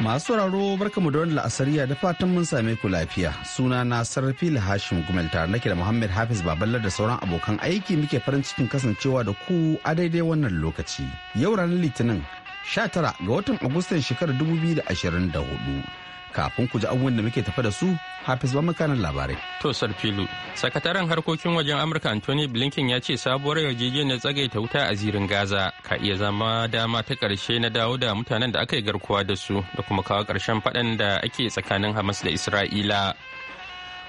Masu sauraro mu da wani la'asariya da fatan mun same ku lafiya. Suna na sarrafi Hashim Gumel tare nake da Muhammad Hafiz Baballa da sauran abokan aiki muke farin cikin kasancewa da ku a daidai wannan lokaci. Yau ranar Litinin 19 ga watan Agustan shekarar 2024. kafin ku ji abubuwan da muke tafa da su hafiz ba makanan labarai. To Sarfilu, sakataren harkokin wajen Amurka Anthony Blinken ya ce sabuwar yarjejeniyar tsagaita wuta a zirin Gaza ka iya zama dama ta karshe na dawo da mutanen da aka yi garkuwa da su da kuma kawo karshen faɗan da ake tsakanin Hamas da Isra'ila.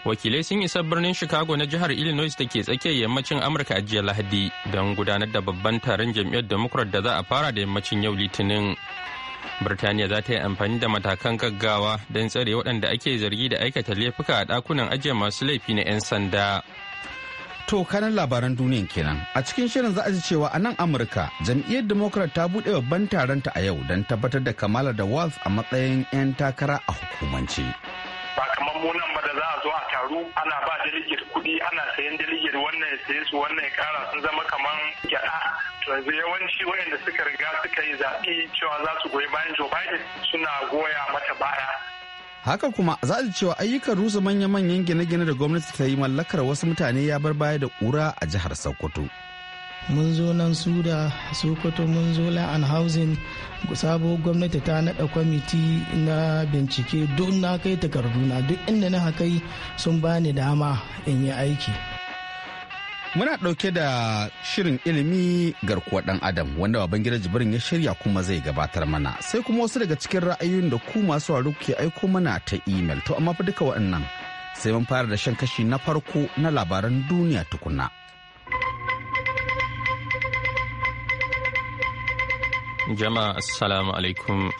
wakilai sun isa birnin chicago na jihar illinois da ke tsakiyar yammacin amurka a jiya lahadi don gudanar da babban taron jam'iyyar democrat da za a fara da yammacin yau litinin Birtaniya za ta yi amfani da matakan gaggawa don tsare waɗanda ake zargi da aikata laifuka a ɗakunan ajiye masu laifi na 'yan sanda. To kanan labaran duniyan kenan a cikin shirin za a ji cewa a nan Amurka jam'iyyar Democrat ta buɗe babban taron ta a yau don tabbatar da Kamala da Walz a matsayin 'yan takara a hukumance. Ba kamar mu ba da za a zo a taru ana ba delegate kuɗi ana sayan delegate wannan ya saye su wannan ya kara sun zama kamar gyaɗa yanzu yawanci wayanda suka riga suka yi zaɓi cewa za su goyi bayan Joe Biden suna goya mata baya. Haka kuma za a cewa ayyukan rusa manya-manyan gine-gine da gwamnati ta yi mallakar wasu mutane ya bar baya da ƙura a jihar Sokoto. mun zo nan su da sokoto mun zo la'an housing sabo gwamnati ta naɗa kwamiti na bincike don na kai takarduna duk inda na kai sun bani dama in yi aiki. Muna ɗauke da shirin ilimi garkuwar ɗan Adam wanda Babangida jibirin ya shirya kuma zai gabatar mana sai kuma wasu daga cikin ra'ayoyin da ku masu waru ke aiko mana ta imel to amma fa duka waɗannan sai mun fara da shan kashi na farko na labaran duniya tukuna. Jama'a Assalamu alaikum.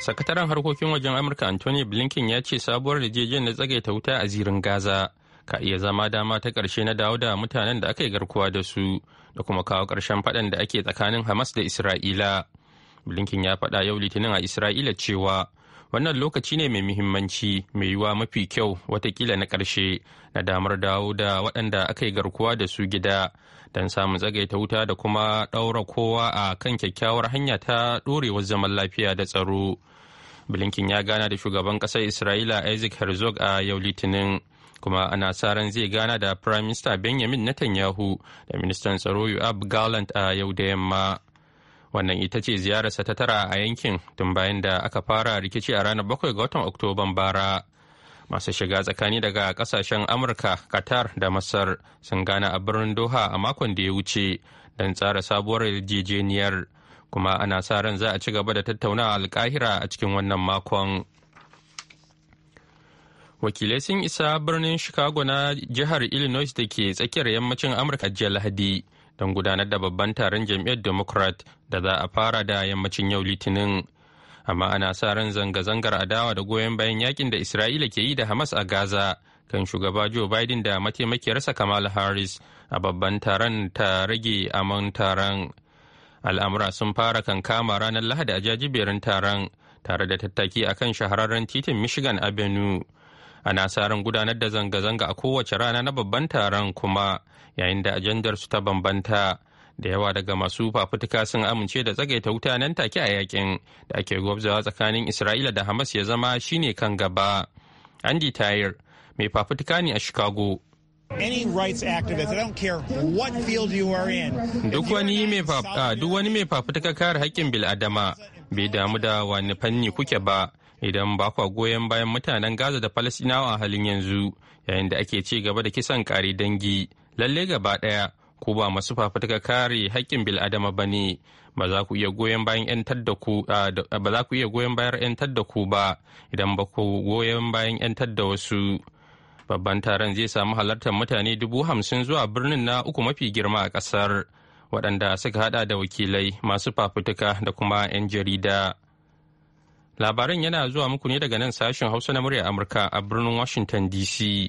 Sakataren harkokin wajen Amurka antony Blinken ya ce sabuwar yarjejeniyar na tsagaita wuta a zirin Gaza ka iya zama dama ta ƙarshe na dawo da mutanen da aka yi garkuwa da su da kuma kawo ƙarshen faɗan da ake tsakanin Hamas da Isra'ila. Blinken ya faɗa yau Litinin a Isra'ila cewa wannan lokaci ne mai muhimmanci mai yiwuwa mafi kyau watakila na ƙarshe na damar dawo da waɗanda aka yi garkuwa da su gida don samun tsagaita wuta da kuma ɗaura kowa a kan kyakkyawar hanya ta ɗorewar zaman lafiya da tsaro. bilinkin ya gana da shugaban ƙasar Isra'ila Isaac Herzog a yau Litinin. kuma ana sa ran zai gana da prime minister benjamin netanyahu da ministan tsaro yoab garland a yau da yamma wannan ita ce ziyararsa ta tara a yankin tun bayan da aka fara rikici a ranar 7 ga watan oktoban bara masu shiga tsakani daga kasashen amurka qatar da masar sun gana a birnin doha a makon da ya wuce don tsara sabuwar yarjejeniyar kuma ana sa ran za a ci gaba da tattaunawa alkahira a cikin wannan makon. wakilai sun isa birnin chicago na jihar illinois da ke tsakiyar yammacin amurka jiya lahadi don gudanar da babban taron jam'iyyar democrat da za a fara da yammacin yau litinin amma ana sa ran zanga-zangar adawa da goyon bayan yakin da isra'ila ke yi da hamas a gaza kan shugaba joe biden da mataimakiyarsa kamala harris a babban taron ta rage aman taron al'amura sun fara kankama ranar lahadi a jajiberin taron tare da tattaki akan shahararren titin michigan avenue ana sa ran gudanar da zanga-zanga a kowace rana na babban taron kuma yayin da ajandar su ta bambanta da yawa daga masu fafutuka sun amince da tsagaita wuta nan take a yakin da ake gwabzawa tsakanin isra'ila da hamas ya zama shine kan gaba andy tayir mai fafutuka ne a chicago ah, Duk wani mai fafutuka kare haƙƙin bil'adama bai damu da wani fanni kuke ba idan ba kwa goyon bayan mutanen Gaza da Falasɗinawa a halin yanzu yayin da ake ci gaba da kisan kare dangi lalle gaba ɗaya ko ba masu fafutuka kare haƙƙin bil'adama ba ne ba za ku iya goyon bayan 'yan tadda ku ba da ku ba idan ba ku goyon bayan 'yantar da wasu babban taron zai samu halartar mutane dubu hamsin zuwa birnin na uku mafi girma a ƙasar waɗanda suka haɗa da wakilai masu fafutuka da kuma 'yan jarida Labaran yana zuwa muku ne daga nan sashen Hausa na murya Amurka a birnin Washington DC.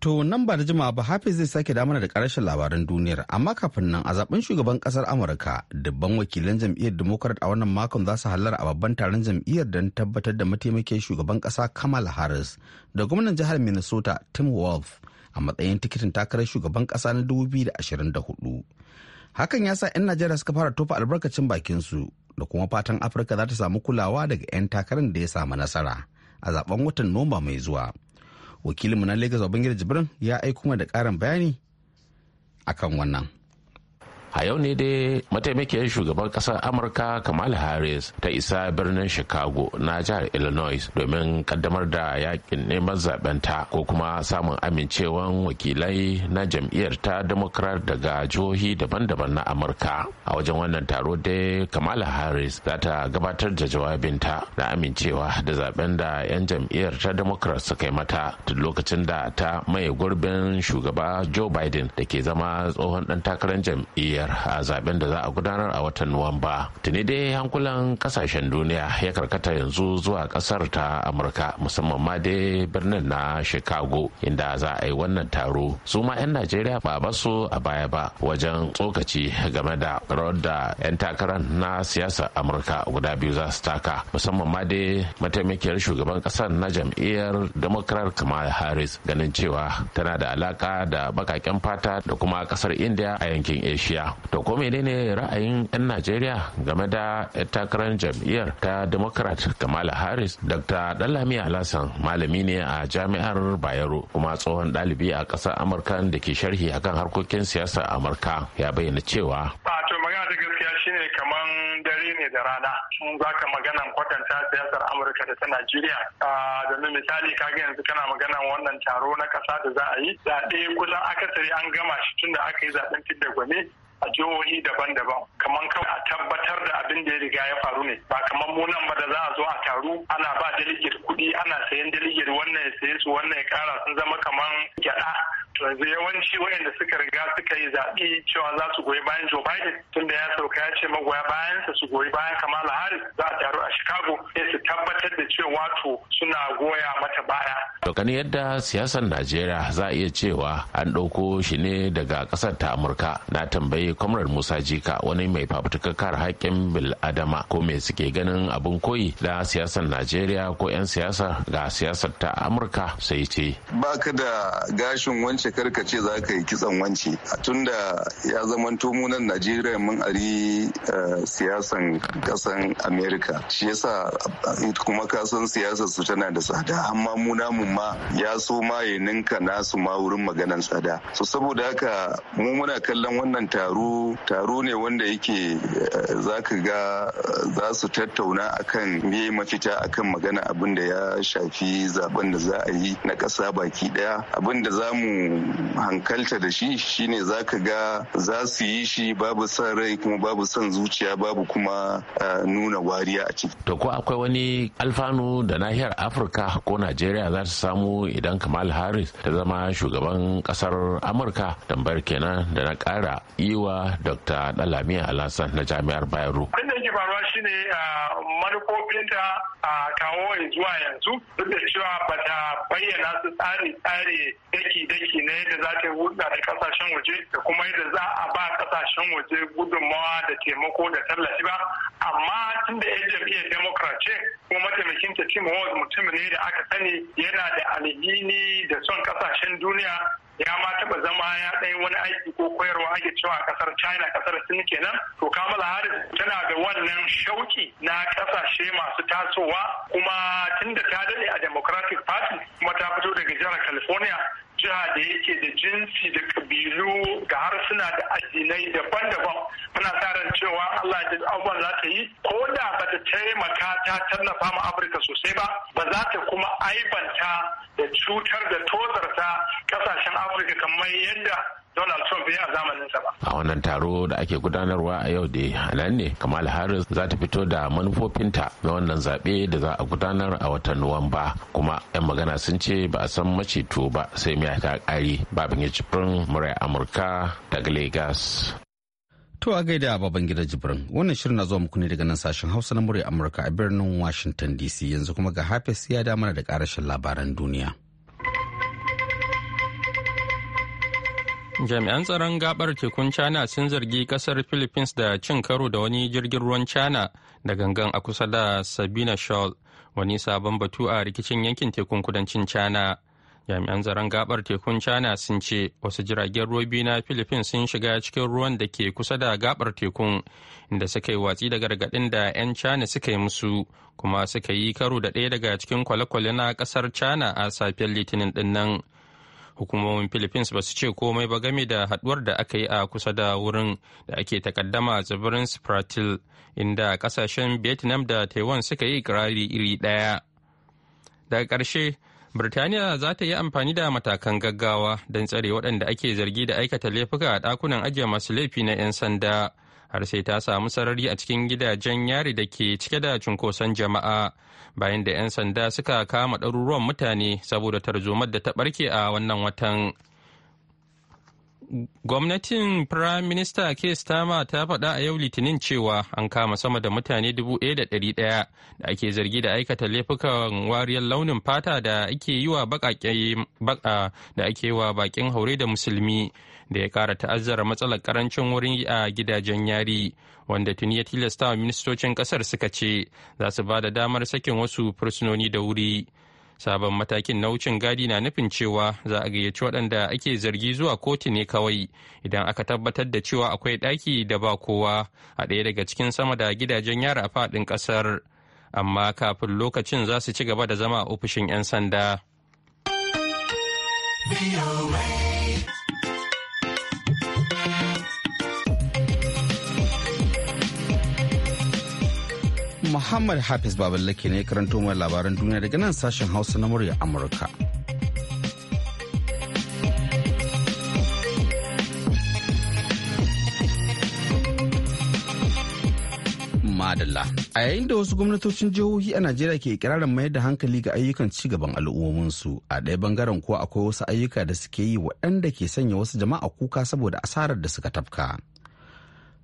To nan ba da jima ba Hafiz zai sake damar da karashin labaran duniyar amma kafin nan a zaben shugaban kasar Amurka dubban wakilan jam'iyyar Democrat a wannan makon za su hallara a babban taron jam'iyyar don tabbatar da mataimakin shugaban kasa Kamala Harris da gwamnan jihar Minnesota Tim Wolf a matsayin tikitin takarar shugaban kasa na 2024. hakan ya sa 'yan najeriya suka fara tofa albarkacin bakin su da kuma fatan afirka za ta samu kulawa daga 'yan takarar da ya samu nasara a zaben watan nomba mai zuwa wakilinmu na lagos babangida jibrin ya aiko da karin bayani akan wannan a yau ne dai mataimakiyar shugaban kasar amurka kamal harris ta isa birnin chicago na jihar illinois domin kaddamar da yakin neman zaben ta ko kuma samun amincewan wakilai na jam'iyyar ta democrat daga jihohi daban-daban na amurka a wajen wannan taro dai kamal harris za ta gabatar da jawabinta na amincewa da zaben da 'yan jam'iyyar ta democrat suka yi mata tun lokacin da ta maye gurbin shugaba joe biden da ke zama tsohon dan takarar jam'iyyar biyar a zaben da za a gudanar a watan nuwamba tuni dai hankulan kasashen duniya ya karkata yanzu zuwa kasar ta amurka musamman ma dai birnin na chicago inda za a yi wannan taro su ma 'yan najeriya ba ba su a baya ba wajen tsokaci game da rawar da 'yan takarar na siyasar amurka guda biyu za su taka musamman ma dai mataimakiyar shugaban kasar na jam'iyyar democrat kamala harris ganin cewa tana da alaka da bakaken fata da kuma kasar india a yankin asia to ko menene ra'ayin 'yan najeriya game da takarar jam'iyyar ta democrat kamala harris dr dalami alasan malami ne a jami'ar bayero kuma tsohon dalibi a ƙasar amurka da ke sharhi akan harkokin siyasa amurka ya bayyana cewa shine kaman dare da rana Zaka za ka maganan kwatanta siyasar amurka da ta najeriya domin misali kaga yanzu kana maganan wannan taro na kasa da za a yi zaɓe kusan akasari an gama shi tun da aka yi zaɓen fidda gwani a jihohi daban-daban kamar kawai a tabbatar da abin da ya riga ya faru ne ba kamar mu nan ba da za a zo a taru ana ba delegate kuɗi ana sayan delegate wannan ya saye su wannan ya kara sun zama kamar gyaɗa yanzu yawanci wayanda suka riga suka yi zaɓi cewa za su goyi bayan Joe Biden tunda ya sauka ya ce magoya bayansa su goyi bayan Kamala Harris za a taru a Chicago sai su tabbatar da cewa to suna goya mata baya. To yadda siyasar Najeriya za a iya cewa an ɗauko shi ne daga ƙasar ta Amurka na tambayi Kwamrar Musa Jika wani mai fafutukar kare bil adama ko me suke ganin abin koyi da siyasar Najeriya ko 'yan siyasa ga siyasar ta Amurka sai ce. Baka da gashin wancan wuce ka ce za ka yi kitson wance tunda ya zamanto mu najeriya mun ari eh, siyasan kasan america shi yasa eh, kuma kasan siyasar su tana da tsada amma mu namun ma ya so ma ya ninka nasu ma wurin maganan tsada su saboda haka mu muna kallon wannan taro taro ne wanda yake eh, za ka ga za su tattauna akan me mafita akan magana abin da ya shafi zaben da za a yi na ƙasa baki ɗaya abin da za mu hankalta da shi shine za ka ga za su yi shi babu son rai kuma babu son zuciya babu kuma eh, nuna wariya a ciki. To ko akwai wani alfanu da nahiyar Afirka ko Najeriya za su samu idan Kamal Harris ta zama shugaban kasar Amurka tambayar kenan da na kara iwa Dr. Dalamiya Alhassan na Jami'ar Bayero. Abin da faruwa shine eh, manufofinta a kawo zuwa yanzu duk da cewa ba ta bayyana su tsari tsari daki-daki na yadda za ta hulɗa da kasashen waje da kuma yadda za a ba kasashen waje gudunmawa da taimako da tallafi ba amma tun da yadda biya democrat ce kuma mataimakin ta tim mutum ne da aka sani yana da alhini da son kasashen duniya ya ma taba zama ya ɗaya wani aiki ko koyarwa ake cewa a kasar china kasar sin kenan to kamala harris tana da wannan shauki na ƙasashe masu tasowa kuma tunda ta dade a democratic party kuma ta fito daga jihar california jiha da yake da jinsi da kabilu ga harsuna da addinai daban-daban muna sa ran cewa Allah ji abubuwan za ta yi ko da ba ta taimaka ta tallafa ma Afirka sosai ba ba za ta kuma aibanta da cutar da tozarta kasashen Afirka kamar yadda Donald Trump ya a sa ba. A wannan taro da ake gudanarwa a yau da nan ne Kamala Harris za ta fito da manufofinta na wannan zaɓe da za a gudanar a watan Nuwamba kuma 'yan magana sun ce ba a san maceto ba sai mai ta ƙari babin ya jibrin murai Amurka daga Lagos. To a gaida baban gida jibrin wannan shirin na zuwa muku ne daga nan sashen Hausa na murai Amurka a birnin Washington DC yanzu kuma ga Hafiz ya da mana da ƙarashin labaran duniya. jami'an tsaron gabar tekun china sun zargi kasar philippines da cin karo da wani jirgin ruwan china da gangan a kusa da sabina shawl wani sabon batu a rikicin yankin tekun kudancin china jami'an tsaron gabar tekun china sun ce wasu jiragen robi na philippines sun shiga cikin ruwan da ke kusa da gabar tekun inda suka yi watsi da gargaɗin da 'yan china suka yi musu kuma suka yi karo da ɗaya daga cikin kwale-kwale na ƙasar china a safiyar litinin dinnan. hukumomin philippines ba su ce komai ba game da haduwar da aka yi a kusa da wurin da ake takaddama tsibirin spratil inda kasashen vietnam da taiwan suka yi ikirari iri daya daga karshe Birtaniya za ta yi amfani da matakan gaggawa don tsare waɗanda ake zargi da aikata laifuka a ɗakunan ajiye masu laifi na 'yan sanda har sai ta samu sarari a cikin gidajen yari da ke cike da cunkoson jama'a bayan da 'yan sanda suka kama ɗaruruwan mutane saboda tarzomar da ta ɓarke a wannan watan. Gwamnatin Prime Minister Keir Starmer ta faɗa a yau Litinin cewa an kama sama da mutane 1,100 da ake zargi da aikata laifukan wariyar launin fata da ake yi wa wa bakin haure da musulmi da ya ƙara ta'azzara matsalar karancin wurin a gidajen yari wanda tuni ya tilasta wa ministocin kasar suka ce za su ba da damar sakin wasu fursunoni da wuri. sabon matakin na wucin gadi na nufin cewa za a gayyaci waɗanda ake zargi zuwa kotu ne kawai idan aka tabbatar da cewa akwai ɗaki da ba kowa a ɗaya daga cikin sama da gidajen yara a faɗin ƙasar amma kafin lokacin za su ci gaba da zama a ofishin 'yan sanda. Muhammad Hafiz Baballake ne karanto mai labaran duniya daga nan sashen Hausa na murya Amurka. Madalla. A yayin da wasu gwamnatocin jihohi a Najeriya ke ikirarin mayar da hankali ga ayyukan ci gaban al'ummominsu, a ɗaya bangaren ko akwai wasu ayyuka da suke yi waɗanda ke sanya wasu jama'a kuka saboda asarar da suka tafka.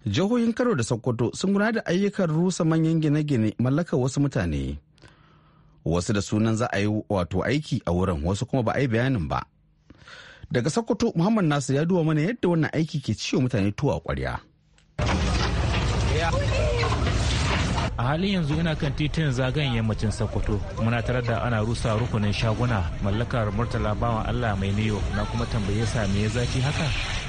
jihohin kano da sokoto sun gudanar da ayyukan rusa manyan gine-gine mallakar wasu mutane wasu da sunan za a yi wato aiki a wurin wasu kuma ba a yi bayanin ba daga sokoto muhammad nasir ya duba mana yadda wannan aiki ke ciwo mutane tuwa kwarya. a halin yanzu ina kan titin zagayen yammacin sokoto muna tare da ana rusa rukunin shaguna mallakar murtala bawan allah mai niyo na kuma tambaye sa me ya zafi haka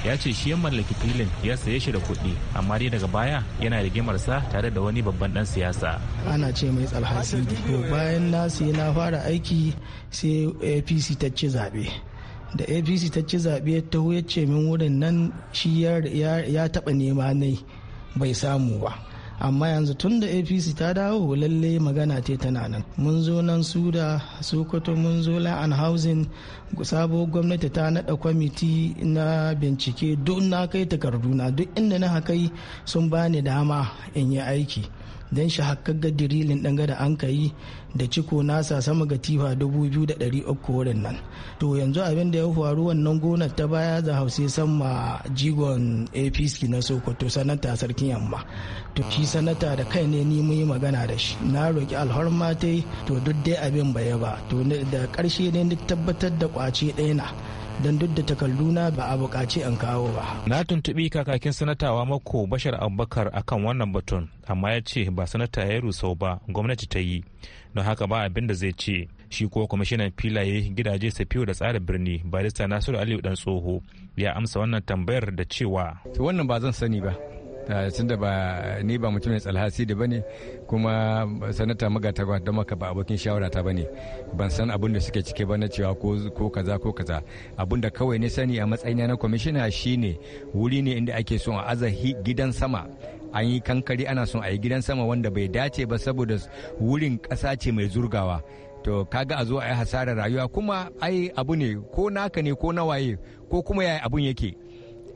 ya ce shi ya mallaki filin ya saye shi da kuɗi amma dai daga baya yana rigimar sa tare da wani babban dan siyasa ana ce mai tsalhasi to bayan na sai na fara aiki sai apc ta ci zabe da apc ta ci zabe ta ce min wurin nan shi ya taɓa nema nai bai samu ba amma yanzu tun da apc ta dawo lalle magana te tana nan mun zo nan su da sokoto mun zo la'an housing sabo gwamnati ta naɗa kwamiti na bincike duk na kai takarduna duk inda na hakai sun bani dama in yi aiki don shi ga dirilin ɗan gada an ka yi da ciko nasa sama ga tifa dubu biyu da ɗari uku wurin nan to yanzu abin da ya faru wannan gonar ta baya za hausa sama jigon apc na sokoto sanata sarkin yamma to shi sanata da kai ne ni mun yi magana da shi na roki alharmatai to duk dai abin baya ba to da ƙarshe ne tabbatar da kwace ɗaya na don duk da na ba a buƙaci an kawo ba. Na tuntuɓi kakakin sanatawa mako Bashar Abubakar akan wannan batun amma ya ce ba sanata ya rusau ba gwamnati ta yi don haka ba abin da zai ce. Shi ko kwamishinan filaye gidaje safiyo da tsarin birni barista Nasiru Aliyu dan tsoho ya amsa wannan tambayar da cewa. Wannan ba zan sani ba. tunda ba ni ba mutum ne tsalhasi da bane kuma sanata magata ba don maka ba abokin shawara ta bane ban san abin da suke cike ba na cewa ko kaza ko kaza abin da kawai ne sani a matsayin na kwamishina shine wuri ne inda ake son a azahi gidan sama an yi kankari ana son a yi gidan sama wanda bai dace ba saboda wurin kasa ce mai zurgawa to kaga a zo a yi hasarar rayuwa kuma ai abu ne ko naka ne ko nawaye ko kuma yaya abun yake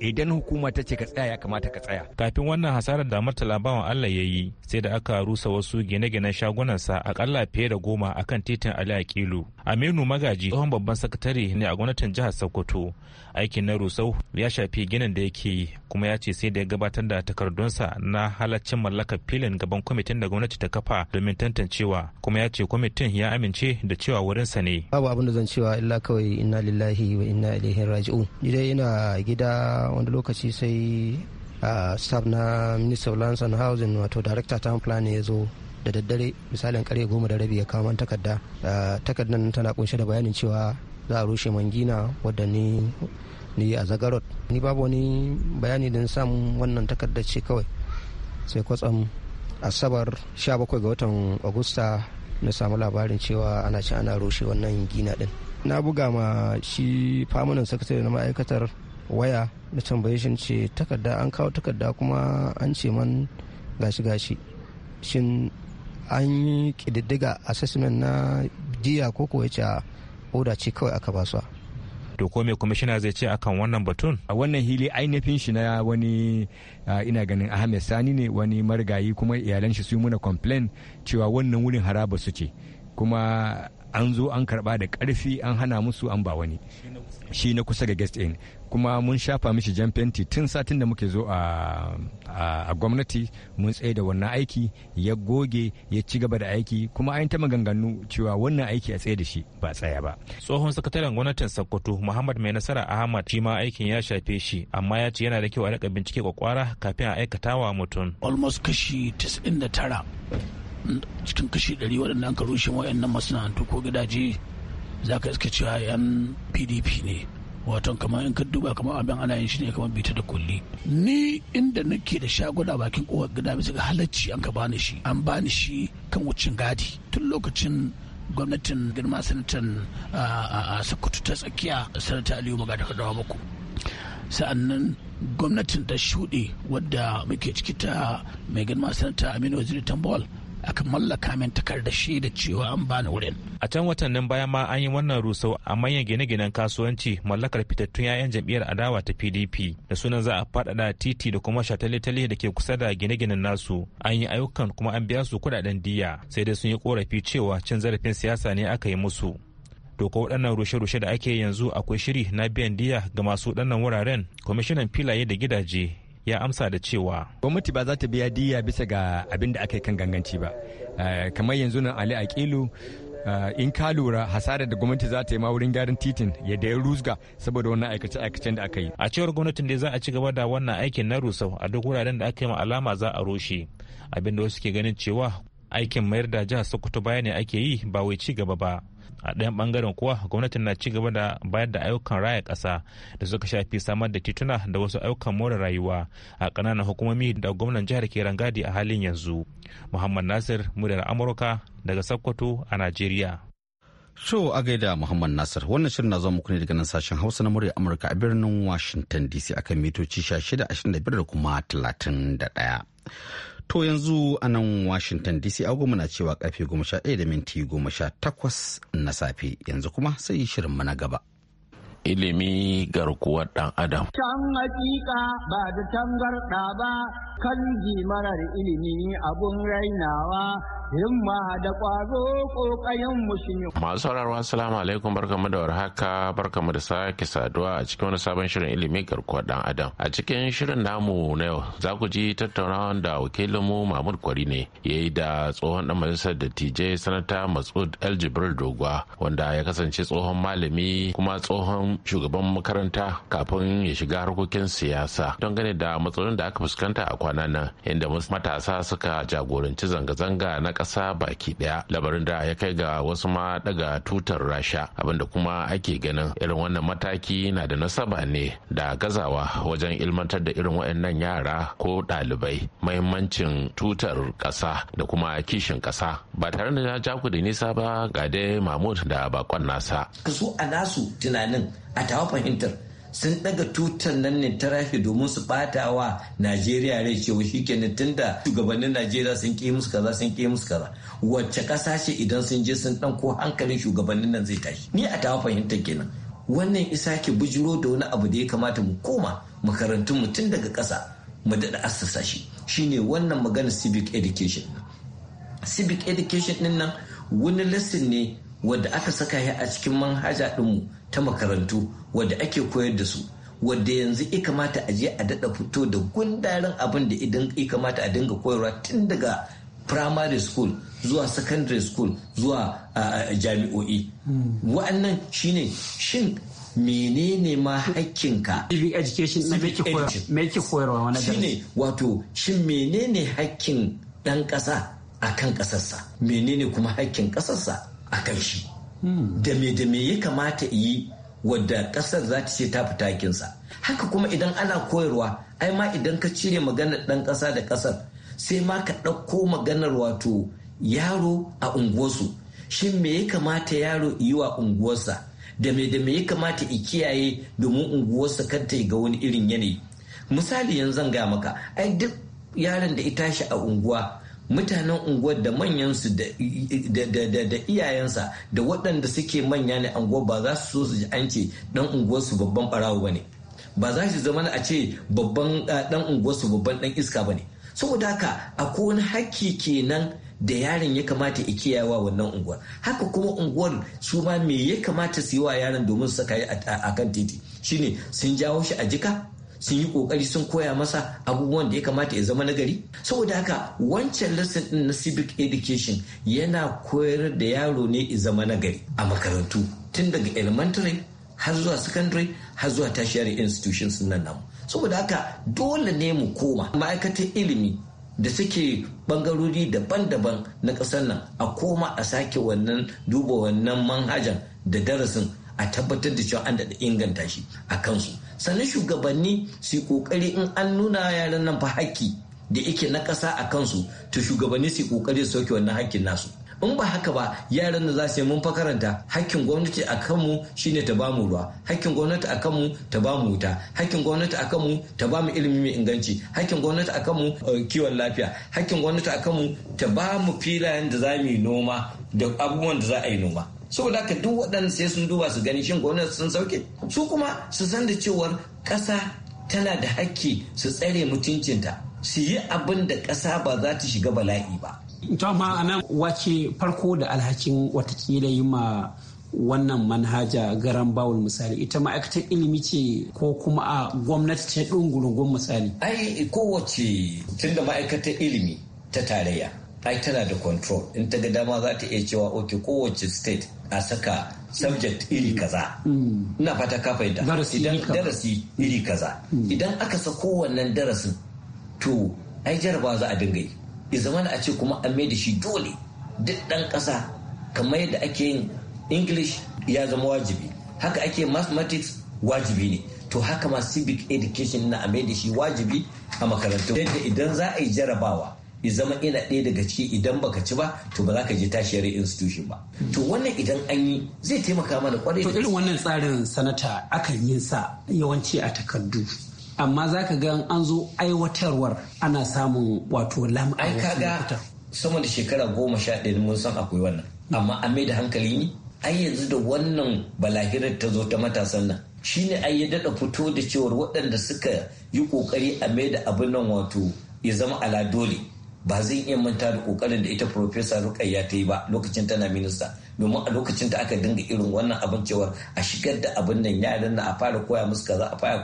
idan hukuma ta ce ka tsaya ya kamata ka tsaya kafin wannan hasarar da murtala bawan Allah ya yi sai da aka rusa wasu gine-ginen shagunansa akalla fiye da goma akan titin Ali Akilu Aminu Magaji tsohon babban sakatare ne a gwamnatin jihar Sokoto aikin na rusau ya shafi ginin da yake yi kuma ya ce sai da ya gabatar da takardunsa na halaccin mallakar filin gaban kwamitin da gwamnati ta kafa domin tantancewa kuma ya ce kwamitin ya amince da cewa wurinsa ne babu abin da zan cewa illa kawai inna lillahi wa inna ilaihi raji'un dai yana gida wani lokaci sai a staff na minister of lands and housing wato director town plan ya zo da daddare misalin kare goma da rabi ya kawo man takarda takardar tana kunshe da bayanin cewa za a rushe mangina wadda ni ni a zagarot ni babu wani bayani da sam wannan takarda ce kawai sai kwatsam asabar 17 ga watan agusta na samu labarin cewa ana ci ana rushe wannan gina din na buga ma shi famunan sakatare na ma'aikatar waya na tambaye shi ce takarda an kawo takarda kuma an ce man gashi gashi shin an yi kididdiga assessment na jiya ko kuwa ya ce oda ce kawai aka ba su to ko me kwamishina zai ce akan wannan batun a wannan hili ainihin shi na wani ina ganin ahmed sani ne wani marigayi kuma iyalan shi su muna complain cewa wannan wurin haraba su ce kuma an zo an karba da karfi an hana musu an ba wani shi na kusa ga guest in kuma mun shafa mishi jan fenti tun satin da muke zo a gwamnati mun tsaye da wannan aiki ya goge ya ci gaba da aiki kuma an ta maganganu cewa wannan aiki a tsaye da shi ba tsaya ba tsohon sakataren gwamnatin sokoto muhammad mai nasara ahmad shi ma aikin ya shafe shi amma ya ce yana da kyau a rika bincike kwakwara kafin a aikata wa mutum almost kashi 99 cikin kashi ɗari waɗanda ka rushe waɗannan masana'antu ko gidaje za ka iska cewa yan pdp ne wato kamar in ka duba kamar abin ana yin shi ne kamar bita da kulli ni inda nake da shaguna bakin kowar gida bisa ga halacci an ka bani shi an bani shi kan wucin gadi tun lokacin gwamnatin girma sanatan a ta tsakiya sanata aliyu magada dawa dawo muku sa'annan gwamnatin ta shuɗe wadda muke ciki ta mai girma sanata aminu waziri tambol aka mallaka min takardar da cewa an bani wurin a can watannin baya ma an yi wannan rusau a manyan gine-ginen kasuwanci mallakar fitattun 'ya'yan jam'iyyar adawa ta pdp da sunan za a faɗaɗa titi da kuma shatale-tale da ke kusa da gine-ginen nasu an yi ayyukan kuma an biya su kuɗaɗen diya sai dai sun yi korafi cewa cin zarafin siyasa ne aka yi musu to ko waɗannan rushe-rushe da ake yanzu akwai shiri na biyan diya ga masu waɗannan wuraren kwamishinan filaye da gidaje ya amsa da cewa gwamnati ba za ta biya diya bisa ga abin da aka yi kan ganganci ba eh, kamar yanzu nan ali aƙilu eh, in ka lura hasarar da gwamnati za ta yi ma wurin gyaran titin ya da ya rusga saboda wannan aikace aikacen da aka yi a cewar gwamnatin da za a ci gaba da wannan aikin na rusau a duk wuraren da aka yi ma alama za a rushe abin da wasu ke ganin cewa aikin mayar da jihar sokoto baya ne ake yi ba wai ci gaba ba a ɗayan bangaren kuwa gwamnatin na ci gaba da bayar da ayyukan raya ƙasa da suka shafi samar da tituna da wasu ayyukan more rayuwa a ƙananan hukumomi da gwamnan jihar ke rangadi a halin yanzu muhammad nasir muryar amurka daga sokoto a najeriya so a gaida Muhammad Nasir wannan shirin na zo muku ne daga nan sashen Hausa na muryar Amurka a birnin Washington DC akan mitoci 1625 da kuma 31. To yanzu a nan Washington DC agogo na cewa karfe ɗaya da minti goma sha takwas na safe yanzu kuma sai shirin mana gaba. Ilimi garkuwar ɗan Adam. Can hakika ba da tangarɗa ba kan marar ilimi abun rainawa himma da ƙwazo ƙoƙayen mushinyo. Masu sauraro assalamu alaikum barkamu da warhaka barkamu da sake saduwa a cikin wani sabon shirin ilimin garkuwar dan adam. A cikin shirin namu na yau za ku ji tattaunawan da wakilinmu Mahmud Kwari ne ya yi da tsohon ɗan majalisar dattijai sanata mas'ud El Jibril Dogwa wanda ya kasance tsohon malami kuma tsohon shugaban makaranta kafin ya shiga harkokin siyasa don gane da matsalolin da aka fuskanta a kwana nan inda matasa suka jagoranci zanga-zanga na ƙasa baki ɗaya labarin da ya kai ga wasu ma daga tutar rasha abinda kuma ake ganin irin wannan mataki na da nasaba ne da gazawa wajen ilmantar da irin waɗannan yara ko ɗalibai mahimmancin tutar ƙasa da kuma kishin ƙasa ba tare da na ja ku da nisa ba ga dai mahmud da bakon nasa su a nasu tunanin a tawa fahimtar sun daga tutar nan ne ta rafi domin su bata wa najeriya rai cewa shi tun tunda shugabannin najeriya sun ƙi musu kaza sun ƙi musu kaza wacce ƙasa ce idan sun je sun ɗan ko hankalin shugabannin nan zai tashi ni a tawa fahimtar kenan wannan isa ke bujiro da wani abu da ya kamata mu koma makarantun mu tun daga ƙasa mu daɗa assasa shi ne wannan magana civic education civic education ɗin nan wani lesson ne wadda aka saka ya a cikin manhaja ɗinmu ta makarantu wadda ake koyar da su wadda yanzu ya kamata a je a daɗa fito da gundarin abin da ya kamata a dinga koyarwa tun daga primary school zuwa secondary school zuwa jami'o'i hmm. wa'annan shine shin menene ma hakkinka civic education me ke koyarwa wani shine wato shin menene hakkin ɗan ƙasa a kan ƙasarsa menene kuma hakkin ƙasarsa a kan shi da me da me ya kamata yi wadda ƙasar za ta ce ta fi takinsa haka kuma idan ana koyarwa ai ma idan ka cire maganar ɗan ƙasa da ƙasar sai ma ka ɗauko maganar wato yaro a unguwarsu shin me ya kamata yaro yi wa unguwarsa da me da me ya kamata i kiyaye domin unguwarsa kar ta ga wani irin yanayi misali yanzu zan ga maka ai duk yaron da ya tashi a unguwa mutanen unguwar da manyansu da iyayensa da waɗanda suke manya ne unguwar ba za su so su ji an ce ɗan unguwarsu babban ɓarawo ba ne ba za su zama a ce babban ɗan unguwarsu babban ɗan iska ba ne saboda haka a wani hakki kenan da yaron ya kamata ya kiyayewa wannan unguwar haka kuma unguwar su ma me ya kamata su yi wa yaron domin su saka a kan titi shine sun jawo shi a jika sun yi kokari sun koya masa abubuwan da ya kamata ya zama nagari saboda haka wancan lesson din na civic education yana koyar da yaro ne ya zama nagari a makarantu tun daga elementary har zuwa secondary har zuwa tertiary institutions nan namu saboda haka dole ne mu koma ma'aikatan ilimi da suke bangarori daban-daban na ƙasar nan a koma a sake wannan duba wannan manhajan da darasin a tabbatar da cewa an daɗa inganta shi a kansu sannan shugabanni su yi kokari in an nuna yaran nan fa haƙƙi da yake na ƙasa a kansu to shugabanni su yi kokari su sauke wannan haƙƙin nasu in ba haka ba yaran da za su yi mun fa karanta haƙƙin gwamnati a kanmu shine ta bamu ruwa Haƙƙin gwamnati a kanmu ta bamu wuta Haƙƙin gwamnati a kanmu ta bamu ilimi mai inganci Haƙƙin gwamnati a kanmu eh, kiwon lafiya Haƙƙin gwamnati a kanmu ta bamu filayen da za mu yi noma da abubuwan da za a yi noma saboda ka duk waɗanda sai sun duba su gani shin gwamnati sun sauke su kuma su san da cewar ƙasa tana da hakki su tsare mutuncinta su yi abin da ƙasa ba za ta shiga bala'i ba. to amma wace farko da alhakin watakila yi ma wannan manhaja garan bawul misali ita ma'aikatar ilimi ce ko kuma a gwamnati ce ɗungurungun misali. ai kowace tunda ma'aikatar ilimi ta tarayya ai tana da control in ta ga dama za ta iya cewa ok kowace state a saka subject iri kaza mm. ina fata ka fahimta darasi iri kaza mm. idan aka sa kowannen darasin to ai jaraba za a dinga yi ya zama a ce kuma an mai da shi dole duk ɗan ƙasa kamar yadda ake yin english ya zama wajibi haka ake mathematics wajibi ne to haka ma civic education na a mai da shi wajibi a makarantu yadda idan za a yi jarabawa ya zama ina ɗaya daga ciki idan baka ci ba to ba za ka je tashiyar institution ba to wannan idan an yi zai taimaka mana kwarai to irin wannan tsarin sanata akan yin sa yawanci a takardu amma za ka ga an zo aiwatarwar ana samun wato lam'a ai kaga sama da shekara goma sha ɗaya mun san akwai wannan amma an mai da hankali ne ai yanzu da wannan balahirar ta zo ta matasan nan shine ai ya daɗa fito da cewar waɗanda suka yi ƙoƙari a mai da abin nan wato ya zama ala dole ba zai iya manta da kokarin da ita Profesa Rukayya ta yi ba lokacin tana minista domin a lokacin da aka dinga irin wannan abin cewar a shigar da abin nan yaran na a fara koya musu kaza a fara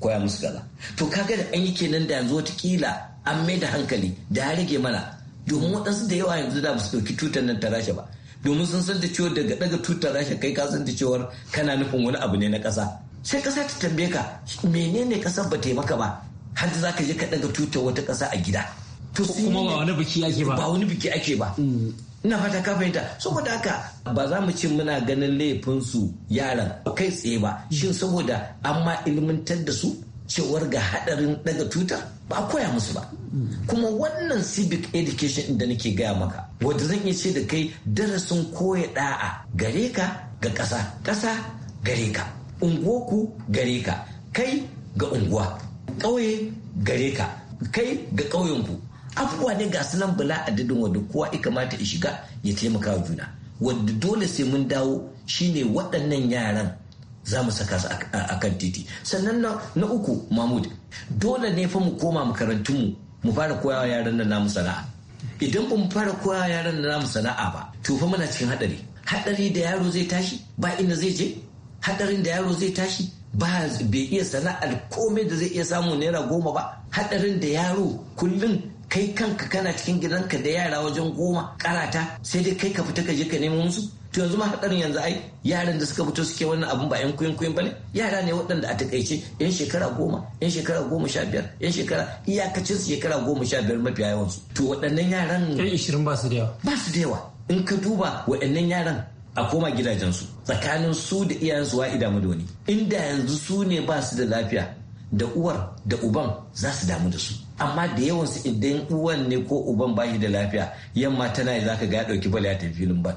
koya musu kaza to kaga da an yi kenan da yanzu wata kila an mai da hankali da ya rage mana domin waɗansu da yawa yanzu da ba su ɗauki tutar nan ta rasha ba domin sun san da cewa daga daga tutar rasha kai ka san da cewar kana nufin wani abu ne na ƙasa sai ƙasa ta tambaye ka menene ƙasar ba taimaka ba har za ka je ka daga tutar wata ƙasa a gida to kuma ba wani biki ake ba ba wani biki ake ba mm. ina fata ka fahimta saboda haka ba za mu ce muna ganin laifinsu yaran kai tsaye ba shin saboda an ma ilmantar da su cewar ga hadarin daga tutar ba a koya musu ba kuma wannan civic education da nake gaya maka wanda zan iya ce da kai darasin koya da'a gare ka ga ƙasa ƙasa gare ka unguwarku gare ka kai ga unguwa ƙauye gare ka kai ga ƙauyenku abubuwa ne ga su nan bala dadin wanda kowa ya kamata ya shiga ya taimaka juna wanda dole sai mun dawo shine waɗannan yaran za mu saka su a kan titi sannan na uku mahmud dole ne fa mu koma makarantun mu mu fara koyawa yaran da namu sana'a idan ba mu fara koyawa yaran da namu sana'a ba to fa muna cikin haɗari haɗari da yaro zai tashi ba inda zai je haɗarin da yaro zai tashi ba bai iya sana'ar komai da zai iya samu naira goma ba haɗarin da yaro kullum kai kanka kana cikin gidanka da yara wajen goma karata sai dai kai ka fita ka je ka nemo musu to yanzu ma hadarin yanzu ai yaran da suka fito suke wannan abun ba yan kuyin kuyin bane yara ne waɗanda a takaice yan shekara goma yan shekara goma sha biyar yan shekara iyakacin su shekara goma sha biyar mafiya yawansu to waɗannan yaran yan ishirin ba su da yawa ba su da yawa in ka duba waɗannan yaran a koma gidajensu tsakanin su da iyayensu wa idamu da wani inda yanzu su ne ba su da lafiya da uwar da uban za su damu da su amma da yawan su idan uwan ne ko uban ba shi da lafiya yamma tana za ka ga ya ɗauki bala ya tafi filin ba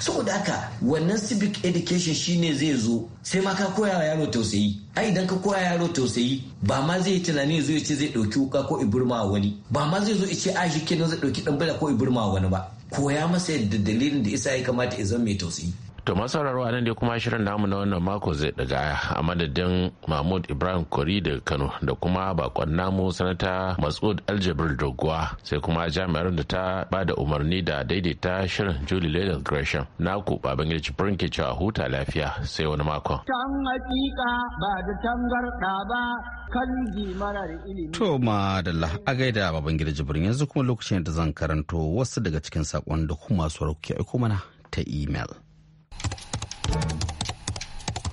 saboda haka wannan civic education shine zai zo sai ma ka koya wa yaro tausayi ai idan ka koya yaro tausayi ba ma zai yi tunani zo ya ce zai ɗauki wuka ko iburma wani ba ma zai zo ya ce ashi kenan zai ɗauki ɗan bala ko iburma wani ba koya masa yadda dalilin da isa ya kamata ya zama mai tausayi To masauraro a nan dai kuma shirin namu na wannan mako zai daga a madadin Mahmud Ibrahim Kori daga Kano da kuma bakon namu sanata masud Aljabril Doguwa sai kuma jami'ar da ta ba da umarni da daidaita shirin Julie Leland Gresham na ku baban gidan cifirin ke cewa huta lafiya sai wani makon. Can hakika ba da tangarda ba kan marar ilimi. To madalla a gaida baban gida jibrin yanzu kuma lokacin da zan karanto wasu daga cikin sakon da kuma su rauke aiko mana ta email.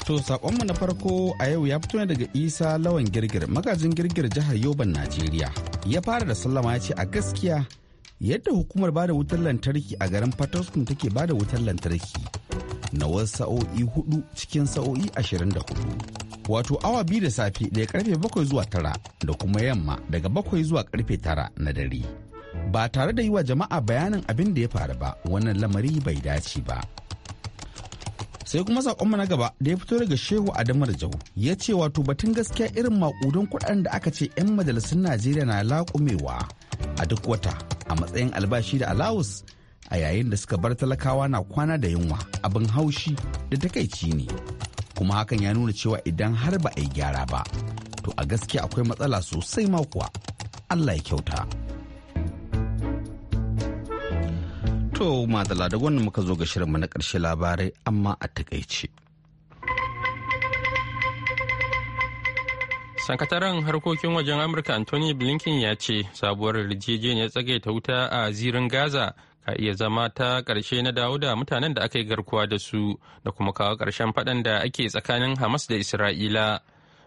To saƙonmu na farko a yau ya fito ne daga Isa Lawan Girgir magajin Girgir jihar Yoban Najeriya. Ya fara da sallama ya ce a gaskiya yadda hukumar bada wutar lantarki a garin Fatoskun take bada wutar lantarki na wasu sa'o'i hudu cikin sa'o'i ashirin da hudu. Wato awa biyu da safe daga karfe bakwai zuwa tara da kuma yamma daga bakwai zuwa karfe tara na dare. Ba tare da yi wa jama'a bayanin abin da ya faru ba wannan lamari bai dace ba. sai kuma sakon na gaba da ya fito daga shehu adamar jau ya ce wato batun gaskiya irin makudan kudaden da aka ce 'yan majalisun najeriya na laƙumewa a duk wata a matsayin albashi da alawus a yayin da suka bar talakawa na kwana da yunwa abin haushi da takaici ne kuma hakan ya nuna cewa idan har ba a yi gyara ba to a gaskiya akwai matsala sosai ma kuwa allah ya kyauta To madala da wannan muka zo ga shirinmu na ƙarshe labarai amma a takaice. Sakataren harkokin wajen Amurka Anthony Blinken ya ce sabuwar yarjejeniyar ta wuta a zirin Gaza ka iya zama ta karshe na dawo da mutanen da aka yi garkuwa da su da kuma kawo karshen faɗan da ake tsakanin Hamas da Isra'ila.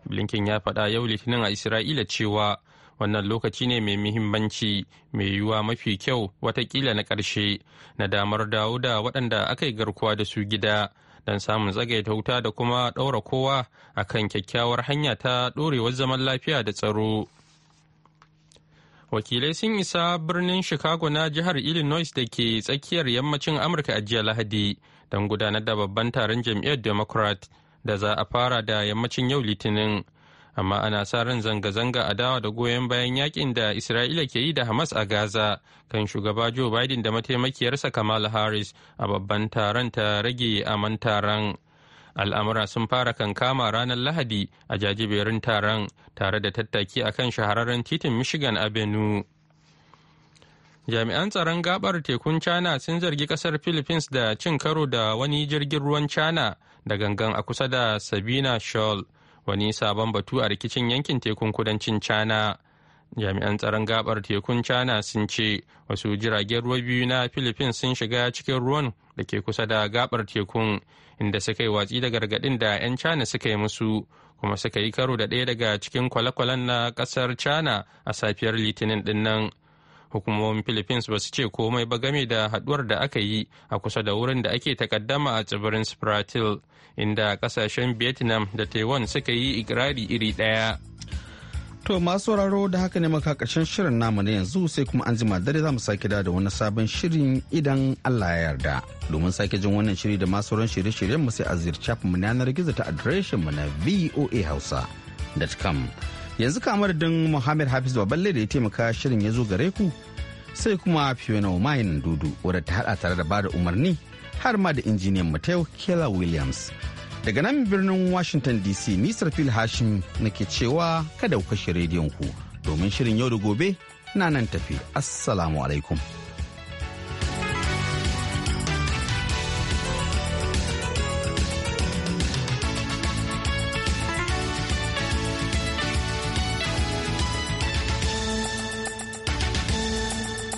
Blinken ya faɗa yau Litinin a Isra'ila cewa wannan lokaci ne mai muhimmanci mai yiwuwa mafi kyau watakila na ƙarshe na damar dawo da waɗanda aka yi garkuwa da su gida don samun tsagaita wuta da kuma ɗaura kowa a kan kyakkyawar hanya ta ɗorewar zaman lafiya da tsaro. Wakilai sun isa birnin Chicago na jihar Illinois da ke tsakiyar yammacin Amurka a jiya Lahadi don gudanar da babban taron jam'iyyar Democrat da za a fara da yammacin yau Litinin. amma ana sa ran zanga-zanga a dawa da goyon bayan yakin da isra'ila ke yi da hamas a gaza kan shugaba joe biden da mataimakiyarsa kamal harris a babban taron ta rage aman taron al'amura sun fara kankama ranar lahadi a jajiberin taron tare da tattaki a kan shahararren titin michigan avenue jami'an tsaron gabar tekun china sun zargi kasar philippines da cin karo da wani jirgin ruwan china da gangan a kusa da sabina shoal wani sabon batu a rikicin yankin tekun kudancin china jami'an tsaron gabar tekun china sun ce wasu jiragen ruwa biyu na philippines sun shiga cikin ruwan da ke kusa da gabar tekun inda suka yi watsi da gargadin da 'yan china suka yi musu kuma suka yi karo da ɗaya daga cikin kwale na ƙasar china a safiyar litinin dinnan. hukumomin philippines ba su ce komai ba game da haduwar da aka yi a kusa da wurin da ake takaddama a tsibirin spratil inda kasashen vietnam da taiwan suka yi ikirari iri daya to masu sauraro da haka ne makakashin shirin namu na yanzu sai kuma an jima dare za mu sake da wani sabon shirin idan allah ya yarda domin sake jin wannan shiri da masu ran shirye-shiryen mu sai a ziyarci mu yanar gizo ta adireshin mu na voa hausa.com yanzu kamar don muhammad hafiz baballe da ya taimaka shirin ya zo gare ku sai kuma fiona mayan dudu wadda ta hada tare da ba da umarni har ma da injiniyan mateo kela williams daga nan birnin washington dc nisar fil hashim na ke cewa kada ku kashe rediyon ku domin shirin yau da gobe na nan tafi assalamu alaikum